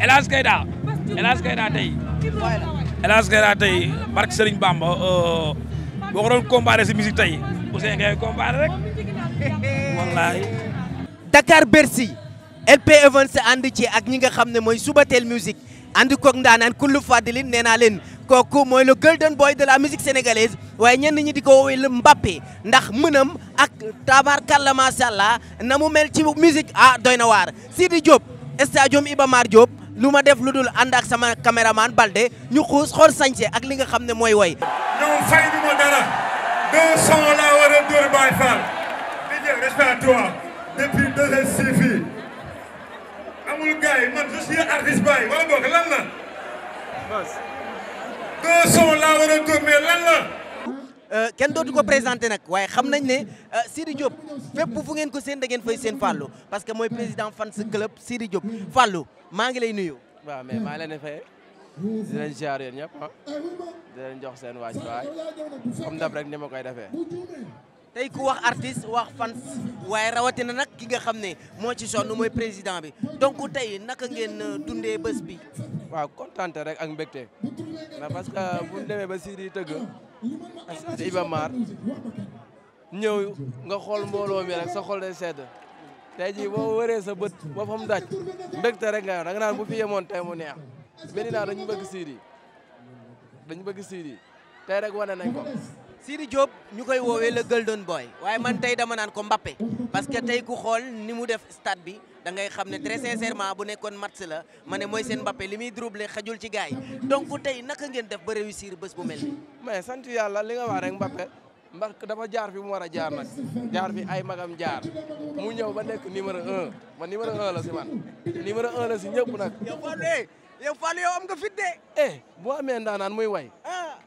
El Hadj Kayda El Hadj Kayda tey El Kayda tey barke Serigne Bamba boo ko doon si musique tey Ousseyn ngay comparé rek wallaay. Dakar Bercy LP Events ànd ci ak ñi nga xam ne mooy Subatel Musique ànd koog ndaanaan kullu fadilin nee naa leen kooku mooy le golden boy de la musique sénégalaise waaye ñenn ñi di ko woowee le Mbappé ndax mënam ak tabaarkalla macha allah na mu mel ci musique ah doy na waar Sidi Diop stadium Iba Mar Diop. lu ma def lu dul ànd ak sama caméraman Balde ñu xuus xool sañse ak li nga xam ne mooy woy ñoom fay ñu dara deux cent la war a dóor Baye Fall Didier respect depuis deux ans si fii amul man je suis artiste Baye wala boog lan la deux la war a dóor Euh, kenn dootu ko présenté nak waaye xam nañ ne euh, Sidi Diop fépp fu ngeen ko seen da ngeen fay seen Fallou parce que mooy président fan club Sidi Diop Fallou maa ngi lay nuyu. waaw mais maa ngi leen di fee di leen ziar ñëpp ah di jox seen waaj waay comme dab rek ne ma koy defee. tey ku wax artiste wax fans waaye rawatina nag ki nga xam ne moo ci sonn mooy président bi donc tey naka ngeen euh, dundee bés bi. waaw kontaan rek ak mbégte ndax parce que euh, bu ñu demee ba Sidi tëgg stade Iba Mar ñëw nga xool mbooloo mi rek sa xool day sedd tey jii boo wëree sa bët boppam daj mbégte rek nga da naan bu fi yemoon tey mu neex Medina dañu bëgg Sidi dañu bëgg Sidi rek wane nañ ko. Sidi Diop ñu koy woowee le golden boy waaye man tey dama naan ko mbappe parce que tey ku xool ni mu def stade bi da ngay xam ne très sincèrement bu nekkoon match la ma ne mooy seen Mbappé li muy dribblé xajul ci gars yi donc tey naka ngeen def ba réussir bés bu mel ni mais sant yàlla li nga wax rek Mbappé ndax dama jaar fi mu war a jaar nag jaar fi ay magam jaar mu ñëw ba nekk numéro un man numéro un la si man numéro un la si ñëpp nag. yow Fallou eh, yow Fallou nga fit de. Eh, boo amee ndaanaan muy way. ah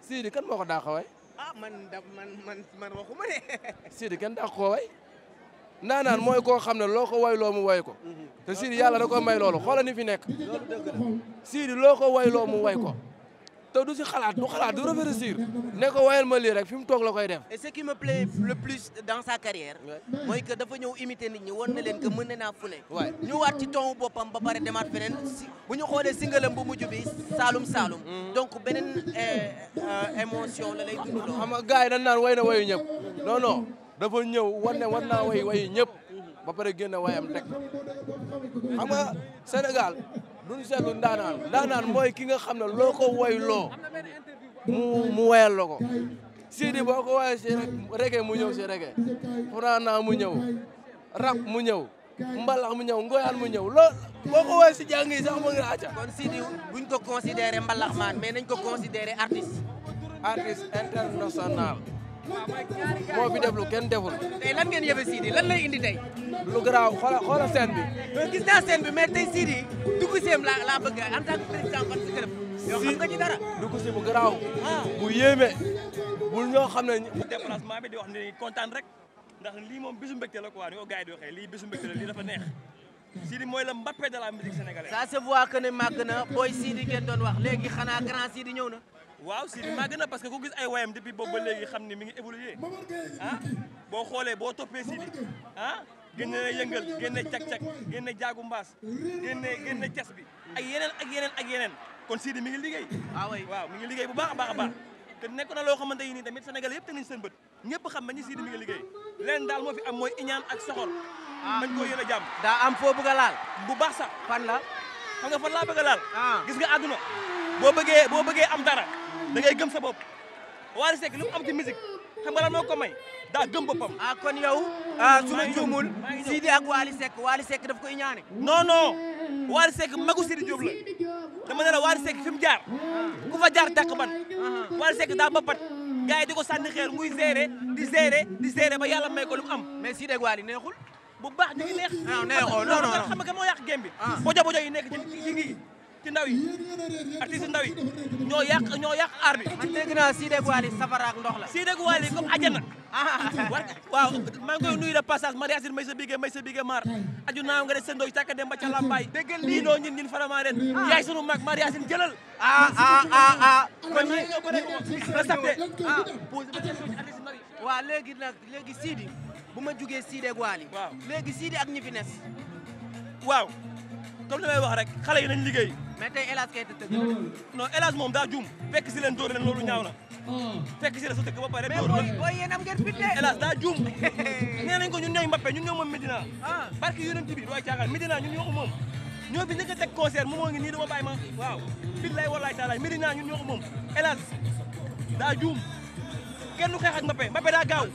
Sidi kan moo ko daaxawee. ah man da man man man waxuma ne. Sidi kenn daa ko way. naan naan mooy koo xam ne loo ko way loo mu way ko. te Sidi yàlla na ko may loolu xoola ni fi nekk. Sidi loo ko way loo mu way ko. te si xalaat du xalaat du réfléchir ne ko wayal ma lii rek fi mu toog la koy def. et ce qui me plaît le plus dans sa carrière. mooy que dafa ñëw imiter nit ñi wan na leen que mën na naa fu ne. waay ñëwaat ci ton boppam ba pare demaat feneen si bu ñu xoolee singalam bu mujj bi Saalum Saalum. Mm-hmm. donc beneen euh, euh, émotion la lay dundaloo. xam nga gars yi dañ naan way na wayu ñëpp non non dafa ñëw wan ne war naa way wayu ñëpp ba pare génn wayam teg xam nga Sénégal. duñ seetlu ndaanaan ndaanaan mooy ki nga xam ne loo ko woy loo mu mu woyal la ko Sidi boo ko woyee si reggae mu ñëw si reggae Furaana mu ñëw rap mu ñëw mbalax mu ñëw ngoyaan mu ñëw lool boo ko woyee si jàng yi sax mu ngi acca kon Sidi buñ ko considéré maan mais nañ ko considéré artiste artiste moo bi def lu kenn deful. tey lan ngeen yëfe Sidi lan indi tey. lu garaaw xoola xoola scène bi. gis naa scène bi mais tey Sidi dugg la laa bëgg en tant que président fan si club. yow xam nga ci dara. dugg si bu garaaw. bu yéeme. bul ñoo xam ne. déplacement bi di wax ni kontaan rek ndax lii moom bisu mbégte la quoi ni ko gars yi di waxee lii bisu mbégte la lii dafa neex. Sidi mooy la Mbappé de la musique sénégalaise. se voit que ne na booy Sidi ngeen doon wax léegi xanaa grand Sidi ñëw na. waaw Sidi maa gën a parce que ku gis ay wayam depuis boobu ba léegi xam ni mi ngi évolué ah, boo xoolee boo toppee Sidi ah génne na yëngal génne cak-cak génne jaagu mbaas génne génne cas bi ak yeneen ak yeneen ak yeneen kon Sidi mi ngi liggéey ah waaw mi ngi liggéey bu baax a baax a baax te nekk na loo xamante yi nii tamit senegal yëpp te nañ seen bët ñëpp xam nañu Sidi mi ngi liggéey leen daal moo fi am mooy iñaan ak soxor ah. mañ koo yéen a jàmm daa am foo bëgg a laal bu baax sax fan la xam nga fan laa bëgg a laal gis nga àdduna boo bëggee boo bëggee am dara da ngay gëm sa bopp Wally Seck lu mu am ci musique xam nga lan moo ko may daa gëm boppam. a ah, kon yow. ah su ma juumul Sidi ak Wally Seck Wally Seck daf koy ñaane. noo noo Wally Seck magu Sidi Diop la dama ne la Wally Seck fi mu jaar ku fa jaar dàq ban ah. Wally Seck daa bappat gars di ko sànni xeer muy gérer di gérer di gérer ba yàlla may ko lu mu am. mais Sidi ak neexul. bu baax ñu ngi neex. ah neexoo bojo bojo yi nekk ci ci ci ndaw yi artiste ndaw yi ñoo yàq ñoo yàq aar bi. man dégg naa Sidi Waly safara ak ndox la. Sidi Waly comme àjjana. maa may sa bigé may sa bigé maar aju naaw nga de seen doy càkk dem ba ca Lambaay. dégg nga lii doo ñun ñun vraiment ren. Ah. yaay sunu mag Mariasine jëlal. ah, ah, ah léegi nag léegi Sidi bu ma jugee Sidi Waly. waaw léegi Sidi ak ñi fi nes. waaw comme li may wax rek xale yi nañ liggéey. mais tey El Hadj kay tëgg non El Hadj moom daa juum fekk si leen dóor leen loolu ñaaw na fekk si la sa tëgg ba pare dóor mais booy yéen am ngeen fit de El Hadj daa juum nee nañ ko ñun ñooy Mbappé ñun ñoo moom Medina ah. barke yonent bi du ay caaxaan Medina ñun ñoo ko moom ñoo fi njëkk a teg concert moom moo ngi nii dama bàyyi ma waaw billaay wallaay taalaay Medina ñun ñoo ko moom El Hadj daa juum kenn du xeex ak Mbappé Mbappé daa xam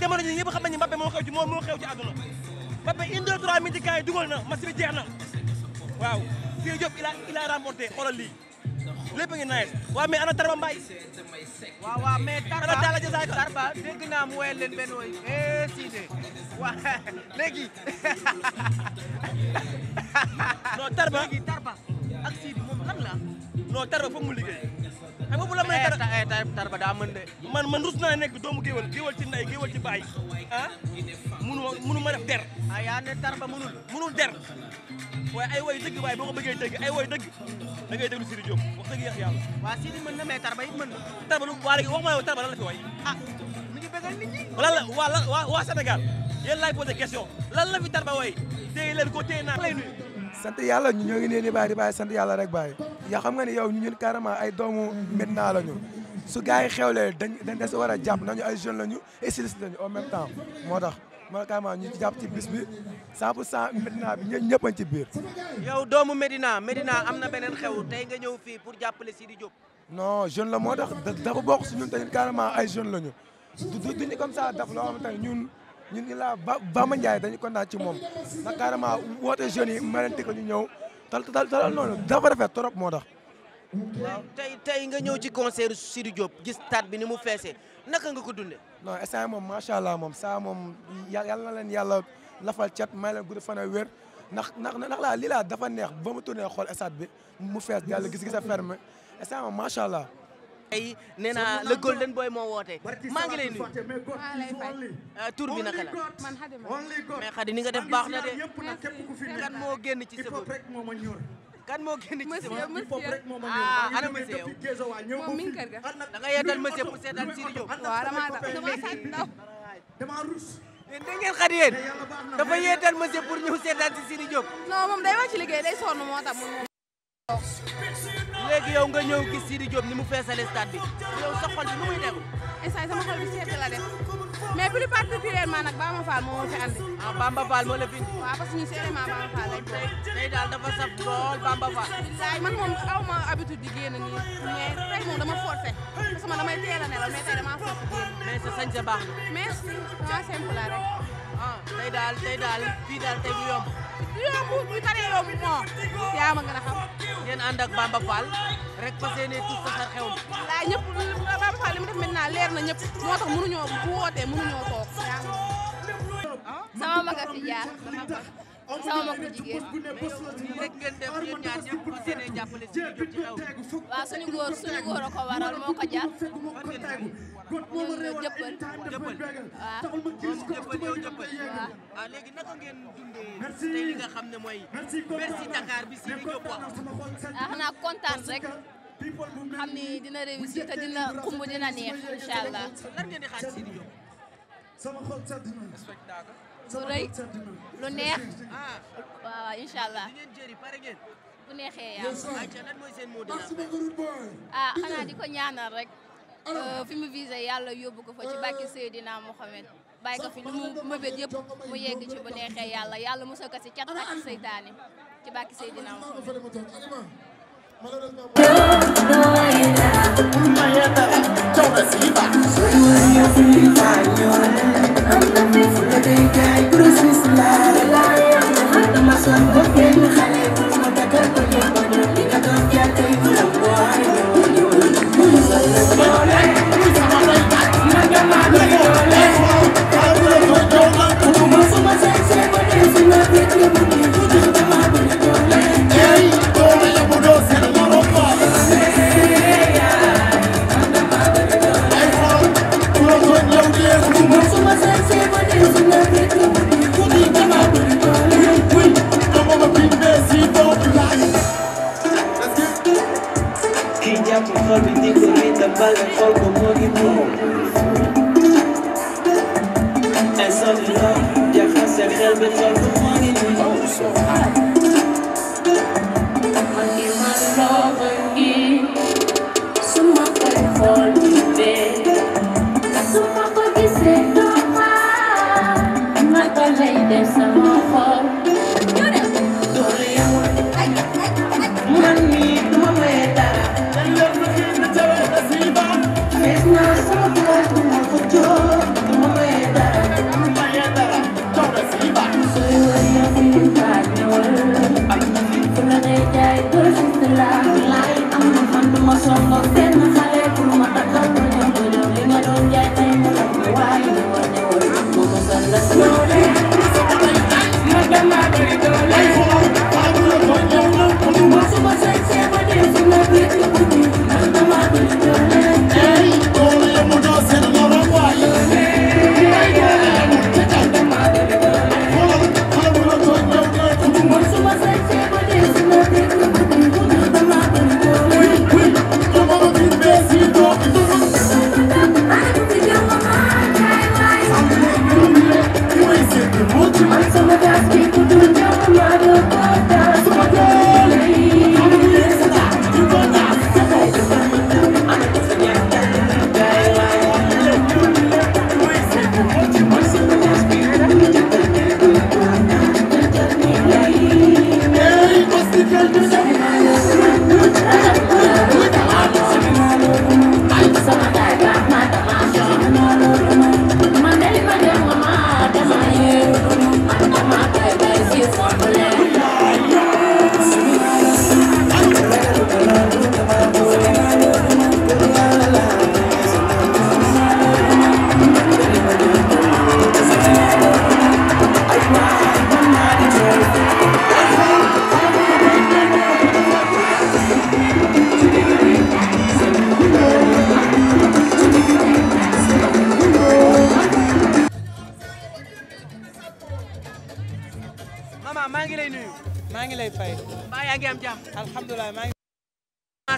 nañu Mbappé moo Mbappé une deux trois minutes kaay dugal na match bi waaw Sire Diop il a il a remporté lii lépp ngi nice waaw ana Tarba ana Talla Diassaka Tarba dégg naa mu woyal leen benn woy eh léegi non Tarba non Tarba foog mu liggéey. a nga bu la mënee Tarba eh, eh, Tarba daa mën de. man man rus naa nekk doomu géwal géwal ci ndey géwal ci baay ah munu munu ma def der. ah yaa ne Tarba munul der waaye ay woy dëgg waaye boo ko bëggee dëgg ay woy dëgg da ngay déglu Sidi Diop wax dëgg yàlla. waa Sidi mën na mais Tarba it mën na. lu waa léegi wax ma yow Tarba lan la fi way. ah mi ngi bëggal nit ñi. la waa waa Sénégal yéen laay posé question lan la fi Tarba way téye leen ko téye naa lay nuyu. sant yàlla ñu ñoo ngi nee di bàyyi di bàyyi sant yàlla rek bàyyi yaa xam nga ne yow ñu ñun carrément ay doomu Médina la ñu su gars yi xewlee dañ dañ des war a jàpp nañu ay jeune la ñu et stylistes la ñu au même temps moo tax man carrément ñu jàpp ci bis bi 100 pour 100 Médina bi ñun ñëpp ci biir. yow doomu Médina Médina am na beneen xew tey nga ñëw fii pour jàppale Sidi Diop. non jeune la moo tax dafa bokk si ñun tamit carrément ay jeunes la ñu du du comme ça daf loo xam te ñun. ñun i laa ba Bamba Ndiaye dañu kontaan ci moom ndax carrément woote jeunes yi melante ko ñu ñëw tal tal tal noonu dafa rafet trop moo tax waaw tey nga ñëw ci concert Sidy Diop gis stade bi ni mu feesee naka nga ko dundee non instant moom macha allah moom saa moom yàlla na leen yàlla lafal cet may leen gudd fan a wér ndax ndax ndax laa lii laa dafa neex ba mu tourné xool stade bi mu fees yàlla gis-gis a ferme instant moom macha allah ay nee naa le golden boy moo woote maa ngi lay nuyu. Ah, tur bi naka la. nga def baax na moo génn ci sa bopp. moo génn ci sa bopp. Ah, ana monsieur yow. moom mi ngi kër ga. da nga yeetal monsieur pour da ngeen xadi yéen dafa yeetal monsieur pour ñëw léegi yow nga ñëw gis Sidi Diop ni mu feesale stade bi yow sa xol mu nu muy dem. instant sama xol bi seetlu la def mais plus particulièrement nag Bamba Fall moo ma andi. ah Bamba Fall moo la fi indi. waaw parce que ñun si élément Bamba Fall lañ ko. tey daal dafa saf lool Bamba Fall. waaw man moom aw ma habitude di génn nii mais tey moom dama forcé parce que man damay teel a nelaw mais tey damaa forcé génn. mais sa sañ sa baax na. mais c'est simple rek. tey daal tey daal fii daal tey du yomb du yomb bu taree yomb moo yaa ma gën a xam Bamba Fall rek fas yéene tous sa xew mi laa Bamba Fall li mu def maintenant leer na ñëpp moo tax mënuñoo bu wootee mënuñoo toog sama magasin jaar sama mbokku jigéen rek ngeen def yéen ñaar ñëpp fas yéene jàppale si ñu jot ci xew waaw suñu góor suñu góor a ko waral moo ko jar ñoom ñoo jëppal jëppal waaw moom jëppal yow jëppal waaw léegi naka ngeen dundee tey li nga xam ne mooy merci Dakar bi si li Diop wax ah xanaa kontaan rek xam ni dina réussir te dina xumb dina neex incha allah lan ngeen di xaar si Sidy Diop lu rëy lu neex waaw incha allah bu neexee yàlla ah xanaa di ko ñaanal rek euh, fi mu visé yàlla yóbbu ko fa ci bàkki euh. Seydina Mohamed bàyyi ko fi lu mu mëbét yëpp mu yegg ci bu neexee yàlla yàlla mosoo ko si cat ak seytaane ci bàkki Seydina Mohamed a a a a Come on, bal leen xool ko moo di buubu. instant bi nga jaxase xel bi Motosalla,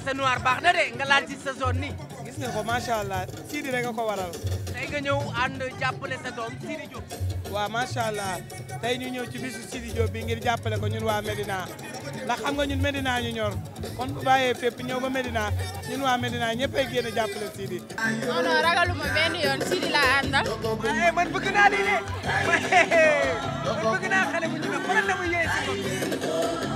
café noir baax na de nga laal ci sa zone nii. gis nga ko macha allah Sidi rek ko waral. tey nga ñëw ànd jàppale sa doom Sidi Diop. waaw macha allah tey ñu ñëw ci bisu Sidi Diop bi ngir jàppale ko ñun waa Medina ndax xam nga ñun Medina ñu ñor kon bu bàyyee fépp ñëw ba Medina ñun waa Medina ñëpp ay génn jàppale Sidi. non non ragaluma benn yoon Sidi laa àndal. Eh, man bëgg naa lii man bëgg naa xale bu ñu ne na mu yee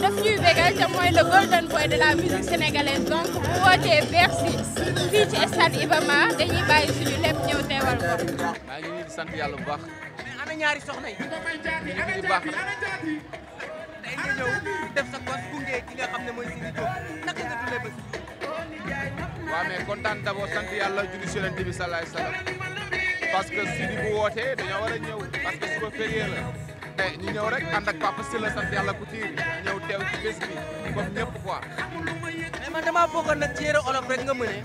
daf ñuy bégal te mooy le golden boy de la musique sénégalaise donc bu wootee Bercy fii ci stade Iba dañuy bàyyi suñu lépp ñëw teewal ko. maa ngi nii sant yàlla bu baax. ana ñaari soxna yi. baax la. tey nga ñëw def sa kontaan d'abord sant yàlla julli ci Yonent bi salaam parce que Sidy bu wootee dañoo war a ñëw parce que suba férié la. te ñu ñëw rek ànd ak papa si la sant yàlla ku tiir ñëw teew ci bés bi comme ñëpp quoi. mais man damaa bëggoon nag ci yére olof rek nga mëne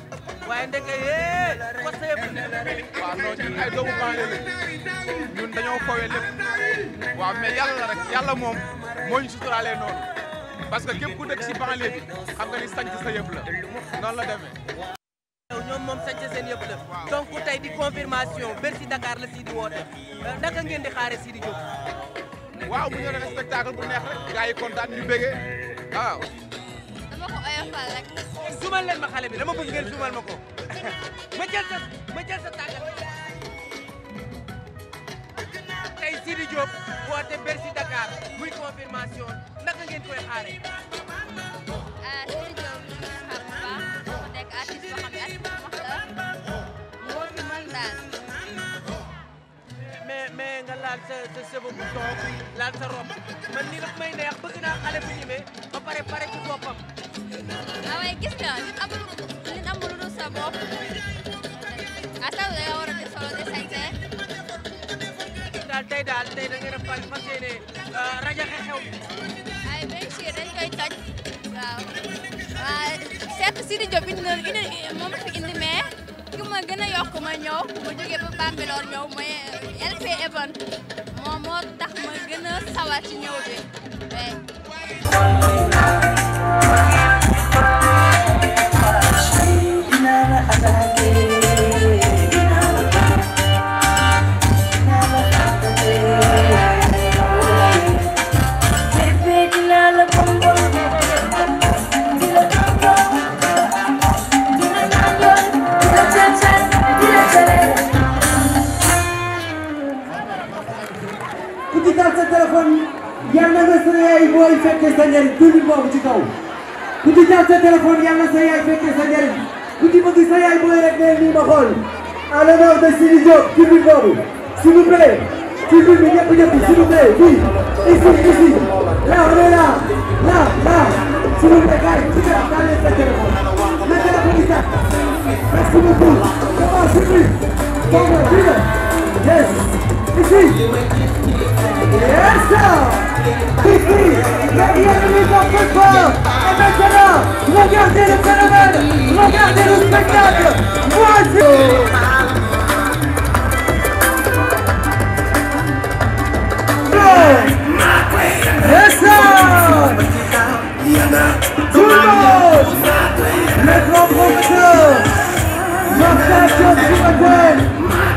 waaye ndeke yee wasa yëpp. waaw non ñun ay doomu banlieue la ñun dañoo foowee lépp waaw mais yàlla rek yàlla moom moo ñu suturaalee noonu parce que képp ku dëkk si banlieue bi xam nga ni sanc sa yëpp la noonu la demee. ñoom moom sañca seen yëpp def donc tey di confirmation Bercy Dakar la Sidi euh, naka ngeen di xaare Sidi Diop waaw mu ñu doon spectacle bu neex rek gars yi kontaan ñu bëggee waaw. dama ko oyofal rek. sumal leen ma xale bi dama bëgg ngeen sumal ma ko ma sa ma sa tàggat. tey Sidi Diop woote Bercy Dakar muy confirmation naka ngeen koy xaaree. ah Sidi Diop ñu ngi xaar bu baax mu nekk artiste mais mais nga laal sa sa sëb bu toog laal sa rob man ni daf may neex bëgg naa xale bu ñime ba pare pare ci boppam. ah waaye gis nga nit amul nit amul lu dul sa bopp asaw da nga war a def solo de sañse. daal tey daal tey da ngeen a fas fas yéene ah, rajo xew. ay benn si dañ koy toj waaw waaw seet si di Diop indi na indi moom la fi indi mais. ki ma gën a yokk ma ñëw ma jógee ba Bambilor ñëw mooy LP Evan moom moo tax ma gën a sawar ci ñëw bi Thank you. téléphone yal na sa yaay booy fekkee sa njëriñ dund boobu ci kaw ku ci jàpp sa téléphone yal na sa yaay fekkee sa njëriñ ku ci sa yaay booy rek ne nii ma xool à l'honneur de Sidi Diop ci biir boobu s'il vous plaît bi ñëpp ñëpp s'il vous plaît fii ici ici là on est là là là s'il vous plaît gars yi tàllal sa téléphone le téléphone yi Yes. Ici. Yes. Ici. Il y a des gens qui font. Et maintenant, regardez le phénomène. Regardez le spectacle. Voici. Tout le monde Le grand professeur Marcel Chimaguel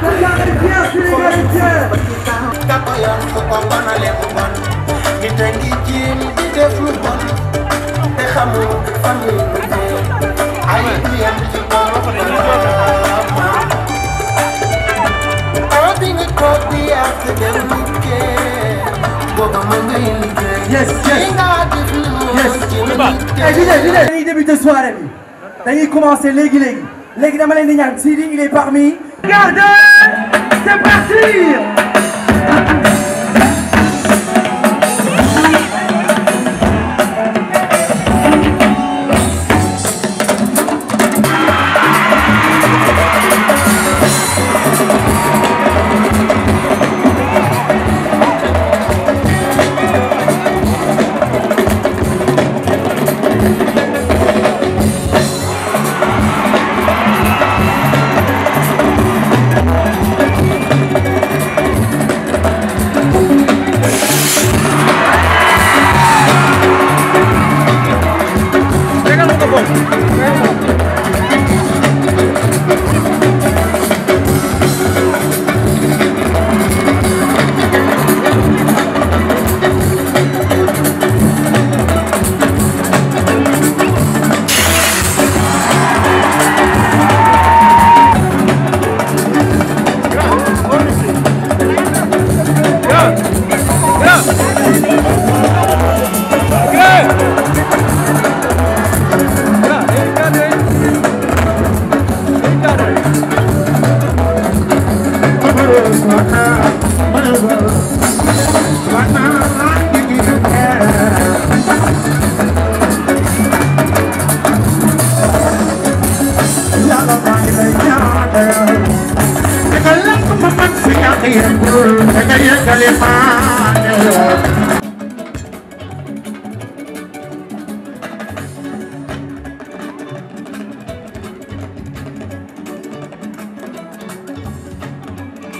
La karibia sénégalité Kapaya ko pambanale ko bon Nit a ngi jiim di def lu bon Te xamul fan yi mu dee Ay diyam ci borom Ordinate ko di ak dem liggéey Booba ma ngay liggéey Yes, yes Yes, dañuy débuter soirée bi dañuy commencer léegi léegi léegi dama leen di ñaan Sidi il est parmi. Regardez, c'est parti.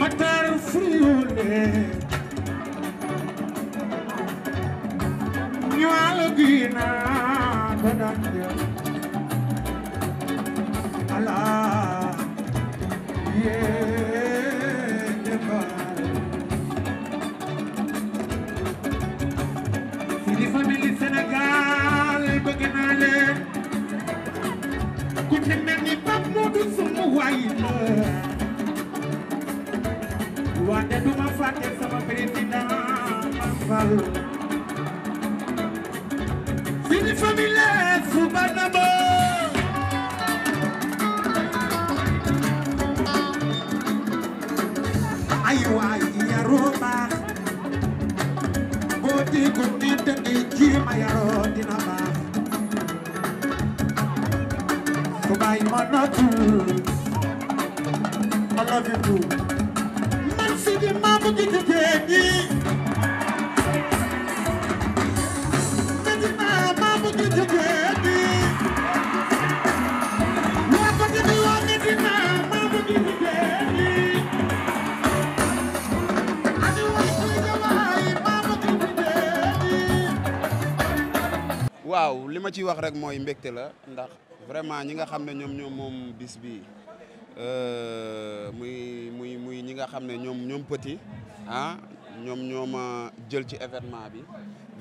Matar Friwle ñu ala gina ko daan jël ala yee defar fi di famille Sénégal bëgg naa ku ci mel ni Pape Modou sunu waay wante du ma fàtte sama président Fall fini famille fu banabo ay waay yaroo baax boo di ko nit di jiima yaroo dina baax fu baay ma natu I love waaw li ma ciy wax rek mooy mbégte la ndax vraiment ñi nga xam ne ñoom ñoom moom bis bii Euh, muy muy muy ñi nga xam ne ñoom ñoom petit ah ñoom ñoo ma euh, jël ci événement bi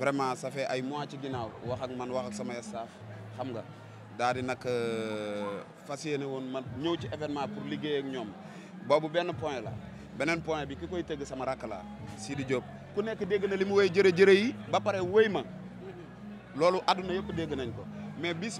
vraiment ça fait ay mois ci ginnaaw wax ak man wax ak sama staff xam nga daal di nag euh, fas yéene woon man ñëw ci événement pour liggéey ak ñoom boobu benn point la beneen point bi ki koy tëgg sama rakk la di Diop ku nekk dégg li mu woy jërëjërë yi ba pare woy ma loolu àdduna yëpp dégg nañ ko mais bis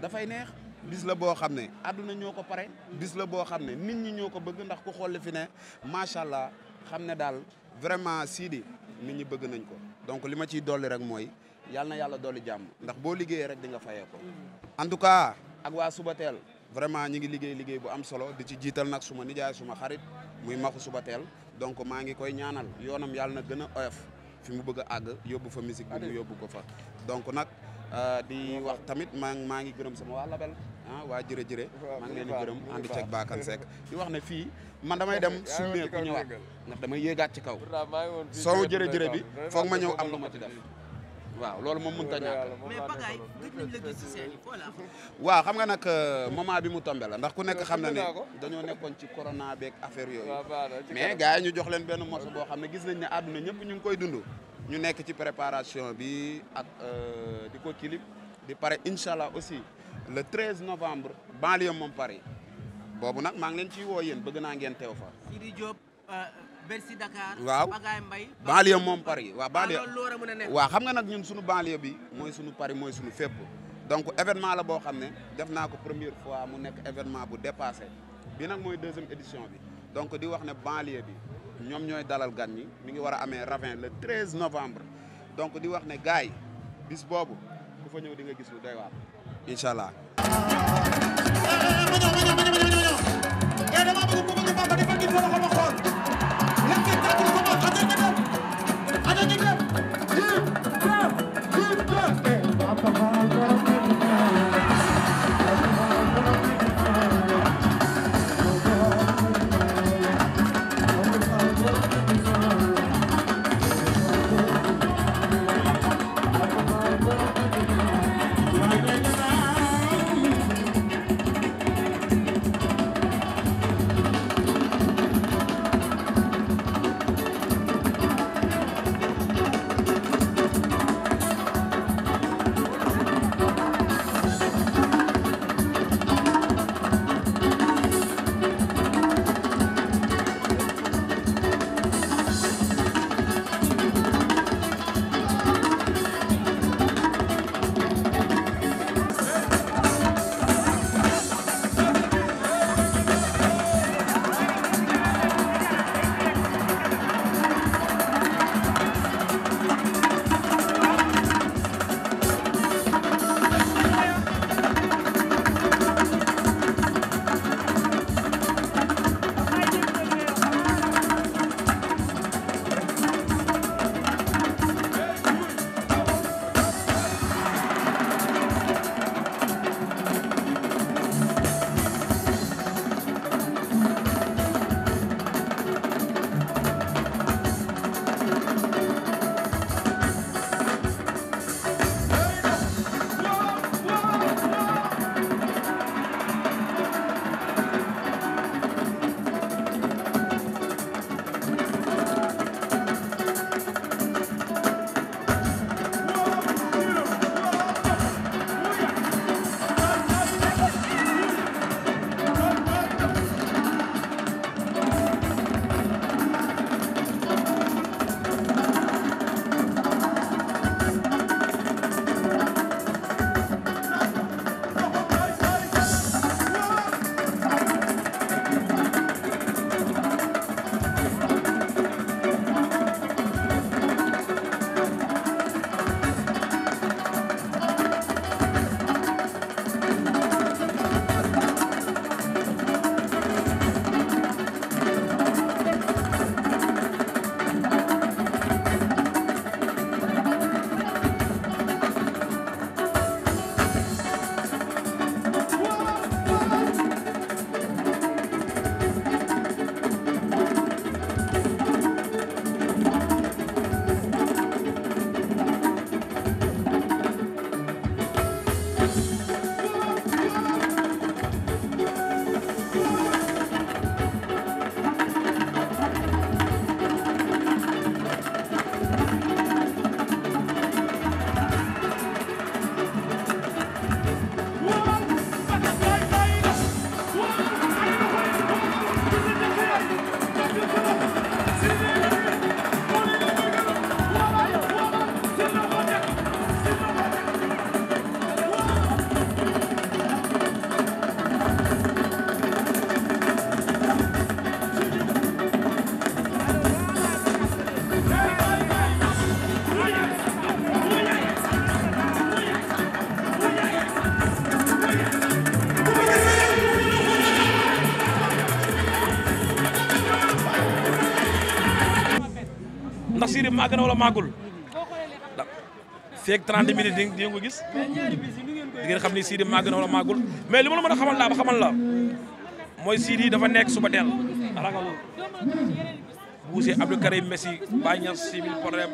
dafay neex bis la boo xam ne àdduna ñoo ko pare bis la boo xam ne nit ñi ñoo ko bëgg ndax ku xool fi ne macha allah xam ne daal vraiment Sidy nit ñi bëgg nañ ko donc li ma ciy dolli rek mooy yàlla na yàlla dolli jàmm ndax boo liggéeyee rek di nga fayee ko en tout cas ak waa Subateel vraiment ñi ngi liggéey liggéey bu am solo di ci jiital nag suma nijaay suma xarit muy maxu teel donc maa ngi koy ñaanal yoonam yàlla na gën a oyof fi mu bëgg a àgg yóbbu fa musique bi yóbbu ko fa donc nag euh, di wax tamit maa maa ngi gërëm sama waa label ah waa jërëjërë maa ngi leen di gërëm ànd ceeg di wax na fii man damay dem summee ku ñëwaat ndax damay yéegaat ci kaw soow jërëjërë bi foog ma ñëw am lu ma ci def waaw loolu moom mënut a ñàkk mais bagaay xam nga nag euh, moment bi mu tombé la ndax ku nekk xam na ne dañoo nekkoon ci corona beeg affaire yooyu mais gars yi ñu jox leen benn morceau boo xam ne gis nañ ne àdduna ñëpp ñu ngi koy dund ñu nekk ci préparation bi ak euh, di ko clip di pare incha allah aussi le 13 novembre banlieue moom pari boobu nag maa ngi leen ciy woo yéen bëgg naa ngeen teew fa. Sidi Diop euh, Bercy Dakar. waaw Bagaye Mbaye. banlieue moom Paris waaw banlieue waaw xam nga nag ñun suñu banlieue bi mooy suñu Paris mooy suñu fépp. donc événement la boo xam ne def naa ko première fois mu nekk événement bu dépassé bi nag mooy deuxième édition bi donc di wax ne banlieue bi ñoom ñooy dalal gan ñi mi ngi war a amee Ravin le 13 novembre donc di wax ne gars yi bis boobu ku fa ñëw di nga gis lu doy waar. incha allah. Eh, ma ñëw ma ñëw ma ñëw ma ñëw màgg na wala màggul feeg 30 minutes ngeen ko xam ni Sidi màgg na wala mais li ma la mën a xamal laa ba xamal la mooy Sidi dafa nekk suba teel ragalul buuse Abdou Karim Messi Baye Niass Sibyl Porem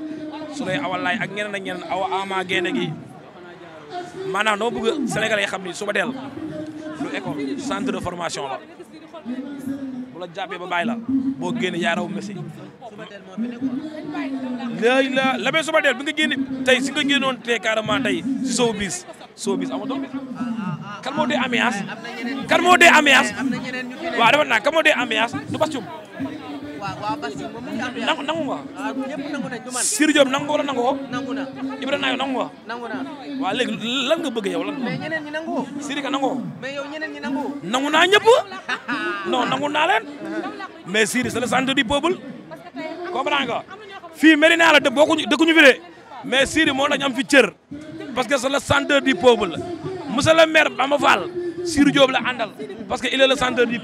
Souley Awa Laye ak ñeneen ak ñeneen awa ama gi maanaam dama bëgg Sénégalais yi xam ni suba teel lu école centre de formation la bu la jàppee ba bàyyi la boo génne yaa raw Messi léegi la la bee suba del bi nga génne tey si nga génnoon tey carrément tey si sow bis sow bis amatoo kan moo dee ambiance kan moo dee ambiance du bas nangu nangu nga. Sidy Diop nangu wala nangu na Ibra nga. nangu na waaw léegi lan nga bëgg yow lan. mais ñeneen ñi nangu. Sidy ka nangu. nangu. naa ñëpp. non nangu naa leen. mais Sidy c'est le centre du peuple. comprends nga fii Médina la de bokkuñu dëkkuñu fi de mais Sidy moo tax ñu am fi cër. parce que c'est le centre du peuple monsieur la maire Bamba Fall Sidy Diop la àndal parce que il est le centre du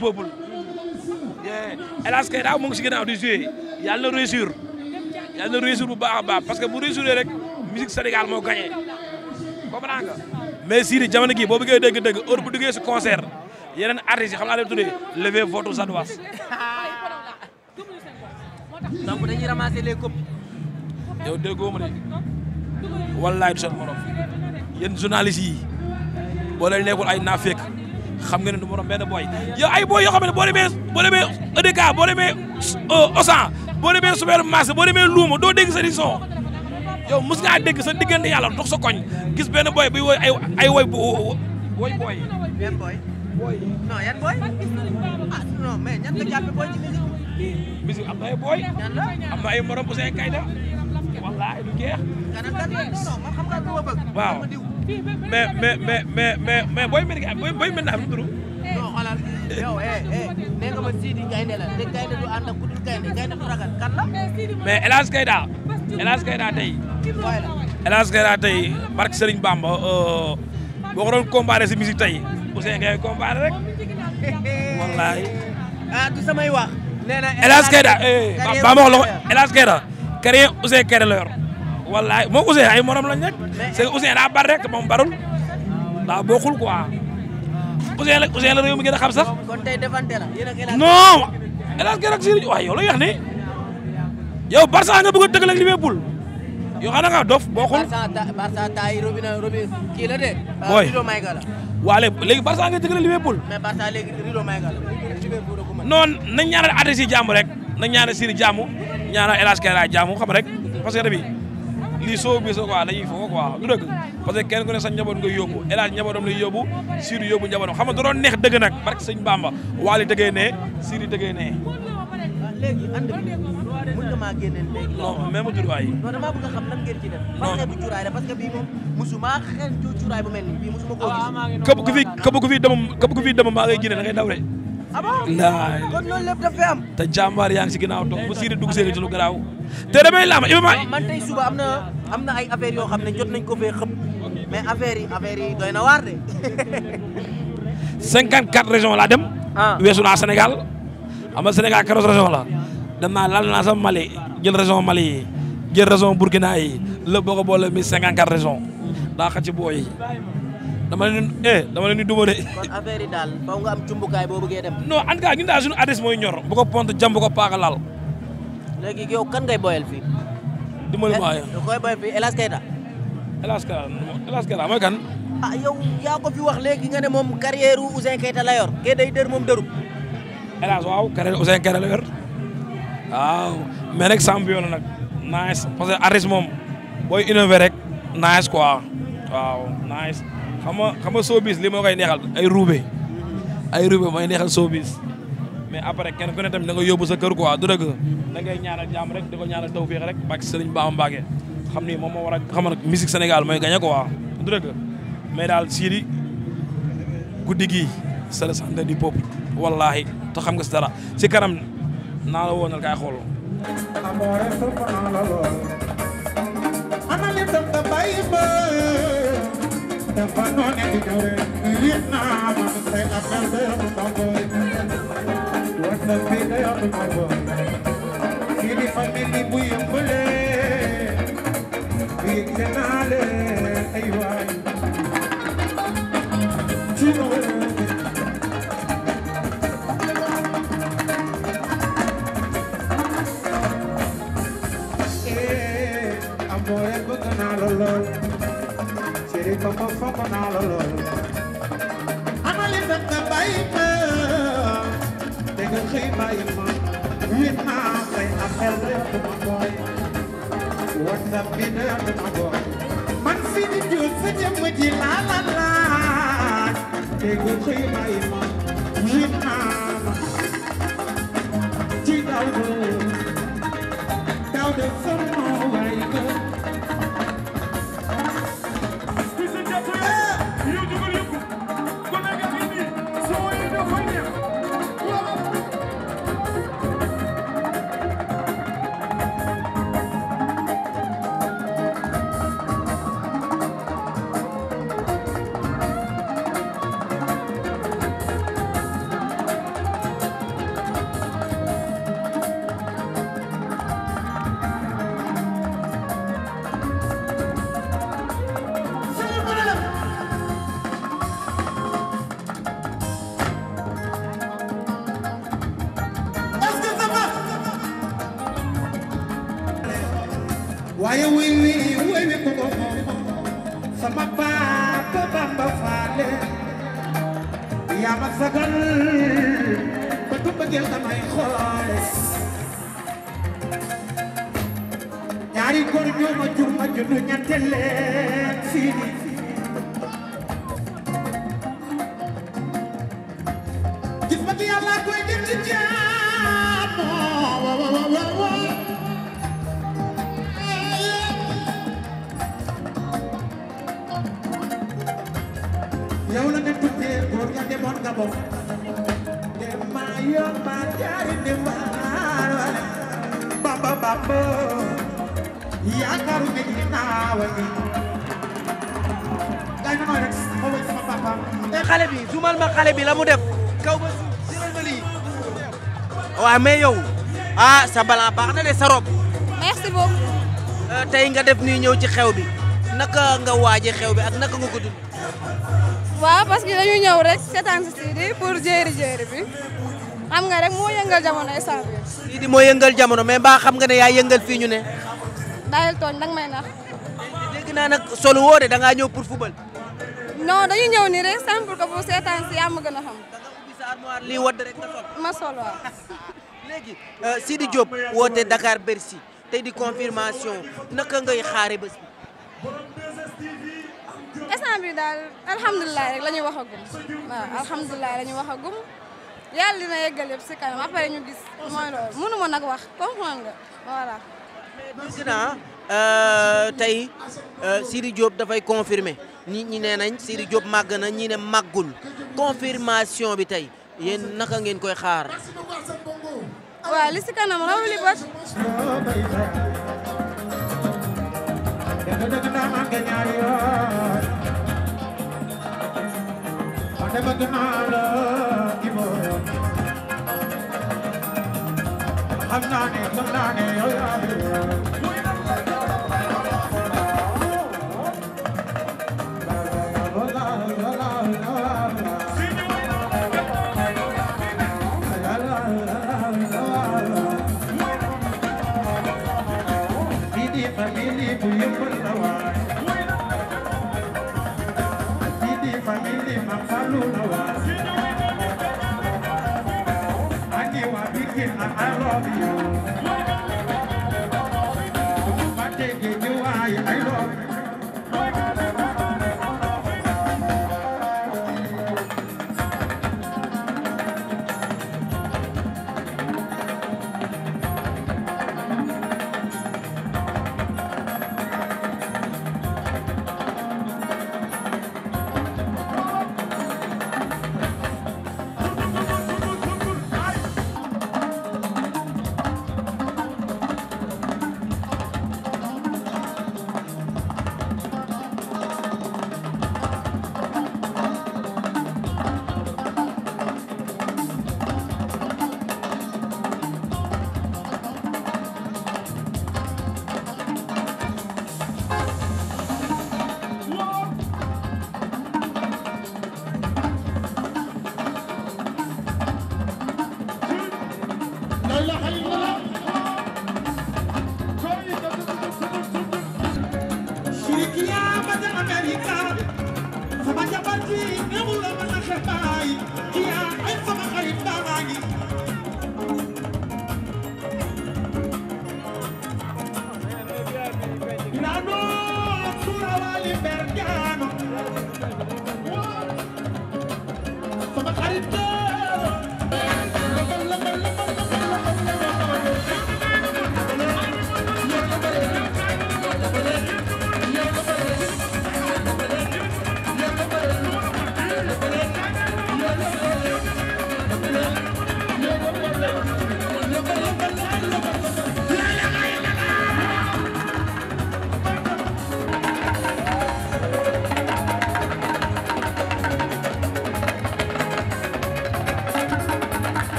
Elaj Keita mu ngi si na réussir yàlla na réussir bu baax baax parce que bu réussir rek musique Sénégal moo gagné comprends nga. mais Sidy jamono gii boo bëggee dégg-dégg heure bu duggee si concert yeneen artistes yi xam naa leen tuddee levez votre sadoise. donc dañuy ramasser les copes. yow déggoo du seen morom yéen journalistes yi boo leen nekkul ay naafeq. xam nga ne du morom benn booy yow ay booy yoo xam ne boo demee boo demee EDK boo demee Osan euh, boo demee supermarché boo demee luuma doo dégg sa son yow mos ngaa dégg sa diggante yàlla dox sa koñ gis benn booy buy woy ay ay woy bu woy booy yan booy ah, non ay booy am na ay morom Ousseyn du jeex waaw mais mais mais mais mais booy mel ni turu. non eh, xoolal yow eh eh ma Sidi gaynde la mais El Hadj Kayda El Hadj Kayda tey. El Hadj tey barke Serigne Bamba boo euh, ko si musique tey Ousseyn ngay rek wallaay. ah du samay wax. nee na El Hadj Kayda eh Bamba wax wallaay moom Ousseyn ay morom lañ rek c'est que Ousseyn daa bar rek moom barul daa bokkul quoi Ousseyn la Ousseyn la réew mi gën a xam sax. kon tey defante la la wax ni yow Barça nga bëgg a tëggal ak Liverpool dof bokkul. Barça taay Robin Robin ah, waa léegi Barça nga tëggal ak Liverpool. mais Barça léegi Rido Maïga la. jàmm rek nañ ñaanal Serigne jàmm ñaanal El Hadj Gueye jàmm xam rek parce que lii soo bis la quoi dañuy foofu quoi lu dëgg parce que kenn ku ne sa njaboot nga yóbbu El Hadj njabootam lay yóbbu Sidy yóbbu njabootam xam nga da Bamba Wally dëggee nee Sidy dëggee nee léegi ànd bi mën nga maa génneel léegi. non même juraay yi. non damaa bëgg a xam lan ngeen ci def. non fan bu juraay la parce que bii moom musuma bu mel nii bii musuma koo gis. këpp ku fi këpp ku fi dem këpp ku fi dem maa ngay génne da ngay daw rek. laay ah kon loolu lépp daf fee am. te jàmbaar yaa ngi si ginnaaw toog ba Sidi dugg Sidi ci lu garaaw. te damay laama Ibrahima. man tey suba am na ay affaires yoo xam ne jot nañ ko fee xëpp mais affaire yi affaire yi doy na waar de. 54 régions laa dem. Ah. weesu naa Sénégal xam nga Sénégal 14 régions la dem naa laal naa Mali jël région Mali yi jël région Burkina yi la boo ko boole mi 54 régions daa xëcc booy dama leen eh dama leen di duma de. kon affaire yi daal faw cumbukaay boo bëggee dem. non en tout cas ñun daal suñu adresse mooy ñor. ko pont jam bu ko paaka laal. kan ngay boyal fii. dimbali ma eh, yow koy boyal fii El Hadj ah, ko fi wax léegi nga ne moom carrière Ouzin Keita la yor. kee day dër waaw carrière Ouzin Keita la yor waaw mais nag champion la nag nice parce que adresse moom booy rek nice quoi waaw nice. xam nga xam nga showbiz li moo koy neexal ay ruube ay ruube mooy neexal showbiz mais après kenn ku ne tamit da nga yóbbu sa kër quoi du dëgg da ngay ñaanal jàmm rek di ko ñaanal tawfeex rek bàkk sëriñ Bamba Mbàkke xam ni moom moo war a xam nag musique Sénégal mooy gagné quoi du dëgg mais daal Sidy guddi gii c'est le centre xam nga si dara si kanam naa la woonal kaay xool dafa noone di dore yéen naa ma say appel day am bambo wasa bi day am bambo kii di famille bu yëmbale yëg naa leen ay waay ko foog naa la lool ana li fekk na bàyyi ma te nga xëy bàyyi ma wit naa say affaire rek duma booy whatsapp bi na duma booy man si di jël sa jëmm ji laa la laaj te nga xëy bàyyi ma wit naa ma ci daw de daw de sama waaw mais yow ah sa balaa baax na de sa rob. merci euh, tey nga def nii ñëw ci xew bi naka nga waaje xew bi ak naka nga ko dund. parce que dañu ñëw rek seetaan si Sidi pour jéeri jéeri bi xam nga rek moo yëngal jamono instant bi. Sidi moo yëngal jamono mais ba xam nga ne yaa yëngal fii ñu ne. daayel tooñ danga may nax. dégg naa nag solo woo de da ngaa ñëw pour football. non dañu ñëw nii rek simple ko pour seetaan si yaa ma gën a armoire lii wadd rek ma sol waaw. léegi euh, Sidi Diop woote Dakar tey di confirmation naka ngay xaare bés bi. instant bi daal alhamdulilah rek la ñuy wax agum waaw alhamdulilah la ñuy wax agum dina yeggal yëpp si kanam après ñu gis mooy loolu mënu nag wax comprendre euh, euh, nañ Sidi Diop na ñi ne bi tey. yéen naka ngeen koy xaar. waaw li si kanam raw li bët. xam naa ne xam naa ne I, I love you.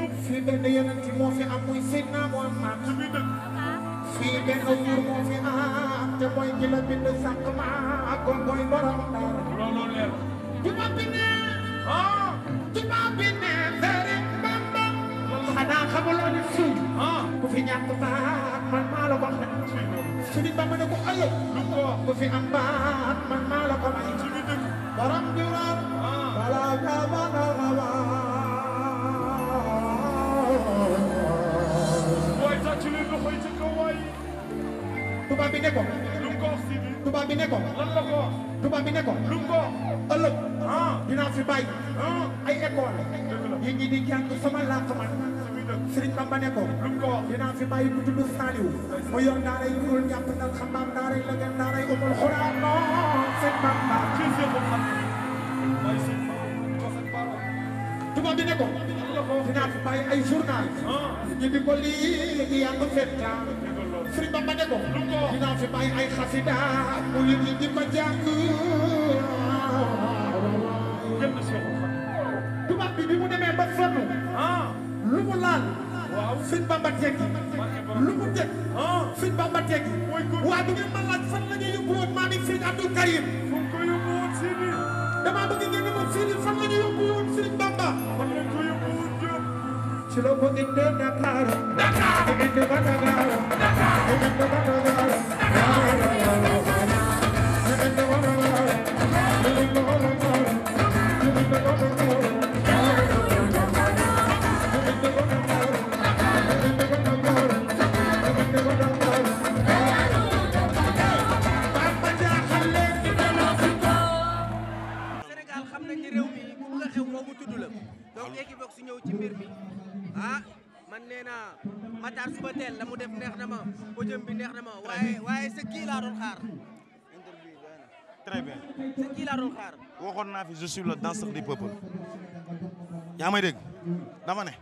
fii benn yeneen ci moo am muy Seydina Muhammad fii benn buur moo fi am te mooy ki la mooy borom dara. looloo ko xamee. Sëriñ Bamba ne ko allo. lu ko ku fi am baat man maa la ko may. borom bi war. ah ci luy loxoy ci kaw waay tubaab bi ne ko lu mu ko wax si bi tubaab bi ne ko lan la ko wax bi ne ko lu mu ko ëllëg dinaa fi bàyyi ay école yi ngi di jàng sama làkk man Sëriñ Bamba ne ko lu mu ko wax dinaa fi bàyyi ku tudd Saliou mu yor daaray kurul njàpp nal xambaam xuraan no Sëriñ Bamba tubaab bi ne ko dinaa fi bàyyi ay ñu di ko liggéeyal ko fettaan. Sëriñ Bamba ne ko. dinaa fi bàyyi ay xasida mu nit ñi di ko jàng. tubaab demee ba sonn. lu mu laal. Sëriñ Bamba teggi. lu mu teg. Sëriñ Bamba teggi. waa du ngeen ma laaj fan la ñuy yóbbu woon maa ngi Sëriñ Abdou Karim. dama bëgg ngeen ne Shiloko inde Dakaro, Dakaro, inde Dakaro, Dakaro, inde Dakaro, Dakaro, Dakaro. suba teel neex na ma podium na ma waaye waaye sa naa fi je suis le danseur peuple. yaa may dégg dama ne.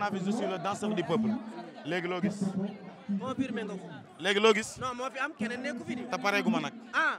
naa fi je suis le danseur du peuple. léegi loo gis. confirmé nga ko. léegi loo gis. non fi am keneen nekku fi di. te pareegu ma nag. Ah,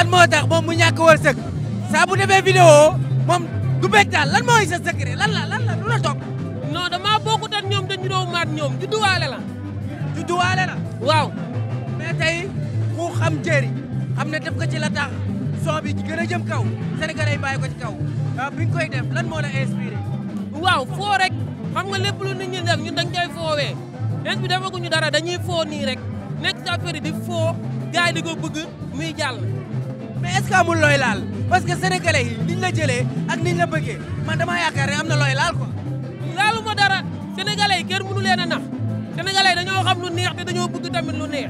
lan moo tax moom mu ñàkk wërsëg saa bu defee vidéo moom du bëgg daal lan mooy sa secret lan la lan la lu la toog. non dama bokkut ak ñoom dañu doon maat ñoom judduwaale la. judduwaale la. waaw. mais tey ku xam jëri xam ne def ko ci la tax son bi gën jëm kaw Sénégalais yi bàyyi ci kaw ah, bi nga koy def lan moo la inspiré. waaw foo rek xam nga lépp lu nit ñi def ñun dañ koy foowee ren bi dara dañuy foo nii rek nekk ci di foo gars yi di ko bëgg muy jàll. mais est ce que amul looy laal parce que sénégalais yi niñ la jëlee ak niñ la bëggee man damaa am na looy laal quoi. laalu ma dara sénégalais yi kenn mënu leen a nax sénégalais lu neex te dañoo bëgg tamit lu neex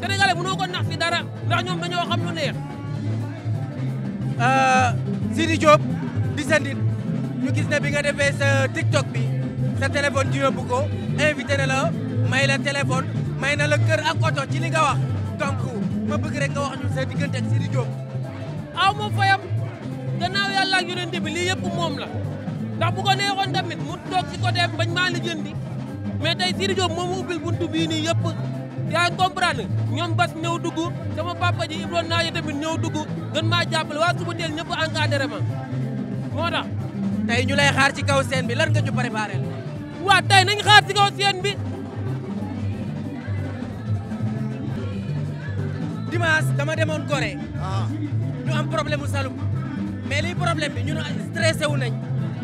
sénégalais mënoo ko nax si dara ndax ñoom dañoo xam lu neex. Euh, Sidi Diop di ñu gis ne bi nga defee sa TikTok bi sa téléphone ji yóbbu ko invité na la may la téléphone may na la kër ak oto ci li wax donc bëgg rek nga wax ñu sa diggante ak Sidi aw ma fayam gannaaw yàlla ak yonent bi moom la ndax bu ko neexoon tamit toog ci côté bañ maa lijjanti mais tey Sidy Diop moom mu buntu bii nii yëpp yaa ngi comprendre ñoom bas ñëw dugg sama papa ji Ibrahima naa yi tamit ñëw dugg gën maa jàppale waa suba teel ñëpp encadré ma moo tax. tey ñu lay xaar ci kaw seen bi lan nga ñu préparé la. waaw tey nañ xaar ci kaw seen bi. dimanche dama demoon Corée. Ah. ñu am problème mu Saloum mais liy problème bi ñun stressé wu nañ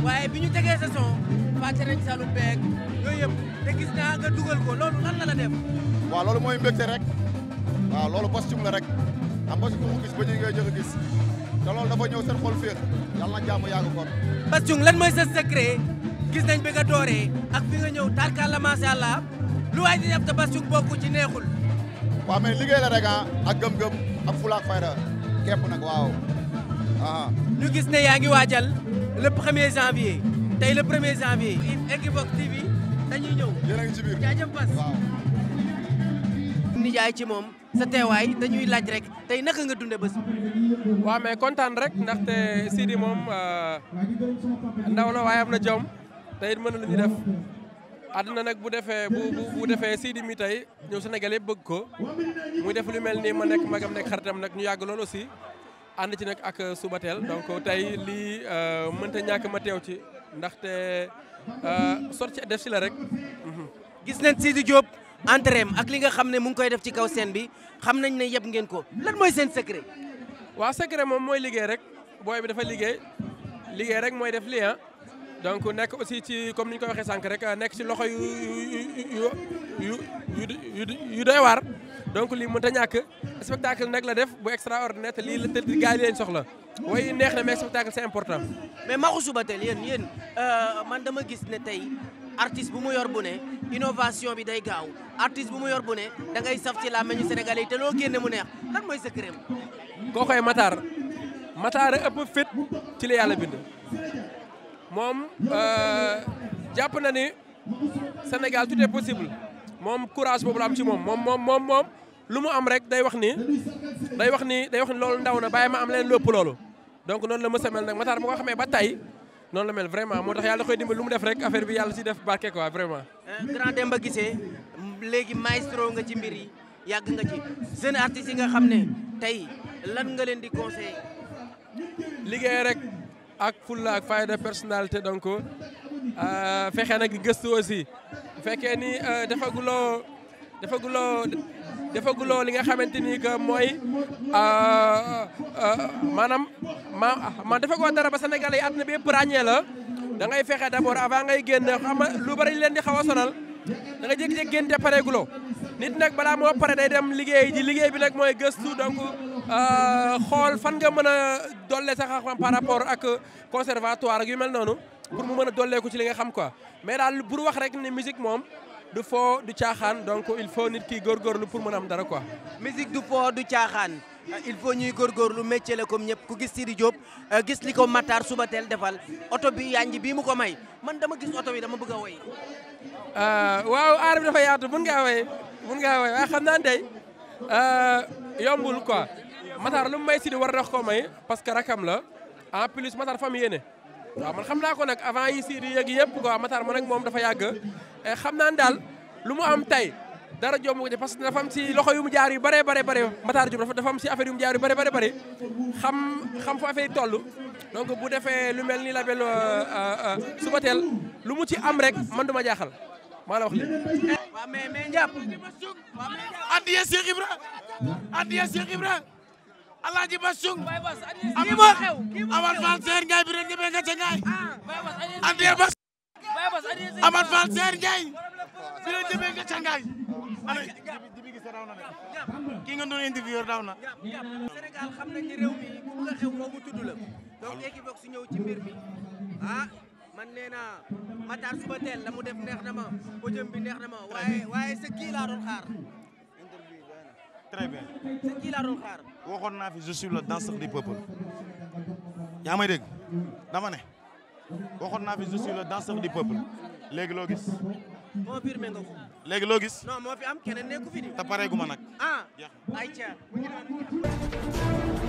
waaye bi ñu tegee saison fàtte nañ Saloum beeg yooyu yëpp te gis naa nga dugal ko loolu lan la la def. waaw loolu mooy mbégte rek waaw loolu costume la rek xam nga ku gis ba ñu ngay jëkk gis te loolu dafa ñëw seen xol féex yàlla na jàmm yàgg kon. costume lan mooy sa secret gis nañ bi nga dooree ak bi nga ñëw tarkalla macha allah lu waay di def te costume bokku ci neexul. waaw mais liggéey la rek ah ak gëm-gëm ak fula ak fayda képp nag waaw ñu gis ne yaa ngi waajal le premier janvier tey le premier janvier Equivox TV dañuy ñëw yéen a ngi ci ci moom sa teewaay dañuy laaj rek tey naka nga dunde bés waaw mais kontaan rek ndaxte Sidi moom euh, ndaw la waaye am na jom te mën na lu def àdduna nag bu defee bu bu defee Sidi mi tey ñëw Sénégal bëgg ko muy def lu mel nii ma nekk magam nekk xaritam nag ñu yàgg loolu aussi ànd ci nag ak Subatel donc tey lii euh, mënta ñàkk ma teew ci ndaxte euh, sot ci def si la rek. Mhm. gis nañ Sidi Diop entrem ak li nga xam ne mu ngi koy def ci kaw seen bi xam nañ ne yëpp ngeen ko lan mooy seen secret. waa secret moom mooy liggéey rek booy bi dafa liggéey liggéey rek mooy def lii donc nekk aussi ci comme ni ñu ko waxee sànq rek nekk ci loxo yu yu yu doy waar donc lii mënut a ñàkk spectacle nag la def bu extraordinaire te lii la te gaa yi leen soxla waaye neex na mais spectacle c'est important. mais Maxu Subatel yéen yéen euh, man dama gis ne tey artiste bu mu yor bu ne innovation bi day gaaw artiste bu mu yor bu ne da ngay saf ci làmmiñu sénégalais yi te loo génne mu neex lan mooy secret. koo koy Matar Matar a ëpp fit ci la yàlla bind. moom euh, jàpp na ni Sénégal tout est possible moom courage boobu la am ci moom moom moom moom moom lu mu am rek day wax ni day wax ni day wax ni loolu ndaw na bàyyi ma am leen lépp loolu. donc noonu la mës a mel nag Matar bu ko xamee ba tey noonu la mel vraiment moo tax yàlla koy dimbali lu mu def rek affaire bi yàlla si def barke quoi vraiment. Grand Demba gise léegi maestro nga ci mbir yi yàgg nga ci jeune artistes yi nga xam ne tey lan nga leen di conseil liggéey ak fulla ak fayda personalité donc euh, fexe nag gëstu aussi bu fekkee ni euh, defaguloo defaguloo defaguloo li nga xamante ni que mooy euh, maanaam ma ma defagoo dara ba Sénégal yi àdduna bi yëpp ràññee la da ngay fexe d'abord avant ngay génn xam lu bari leen di xaw a sonal. da nga jékki-jékki génte pareeguloo nit nag balaa moo pare day dem liggéey ji liggéey bi nag mooy gëstu donc euh, xool fan nga mën a dolle sa xam-xam par rapport ak conservatoire ak yu mel noonu pour mu mën a dolleeku ci li nga xam quoi mais daal pour wax rek ni musique moom du foo du caaxaan donc il faut nit ki góorgóorlu pour mën a am dara quoi. musique du foo du caaxaan il faut ñuy lu métier la comme ñëpp ku gis Sidi Diop euh, gis li ko Matar suba teel defal oto bi yànji bii mu ko may man dama gis oto bi dama bëgg a woy Euh, waaw aar bi dafa yaatu mun nga way mun nga way waaye xam naa ne tey euh, yombul quoi Matar lu may si war a dox ko may parce que rakam la en plus Matar fam yéene waaw man xam naa ko nag avant yi si di yëg yëpp quoi Matar man ak moom dafa yàgg xam naa daal lu mu am tey. dara jomb ko que dafa am si loxo yu mu jaar yu bëree bëri bëri Matar Diop dafa am si affaire yu jaar yu bëri bëri xam xam fu affaire toll donc bu defee lu mel ni label euh, euh, euh, suba teel lu mu ci am rek man duma jaaxal maa la wax li waaw mais mais njàpp addiya Cheikh Ibra addiya Cheikh Ibra Alaaji Bassung amal fan seer ngaay bi rek ñebe nga ca Amath Fall Seer Ndiaye fi la jëmee nga cangaay kii nga doon interviewer daaw na Sénégal xam nañ ne réew mi bu bëgg a xew foofu tudd donc Equivox su ñëw ci mbir mi ah man nee naa Matar suba teel la mu def neex na ma ko jëm neex na ma waaye sa kii laa doon xaar très bien waxoon naa fi je suis le danseur du peuple yaa may dégg dama ne waxoon naa fi je suis le danseur du peuple léegi loo gis. moo biir nga ko. léegi loo gis. non fi am keneen nekku ma nag. ah.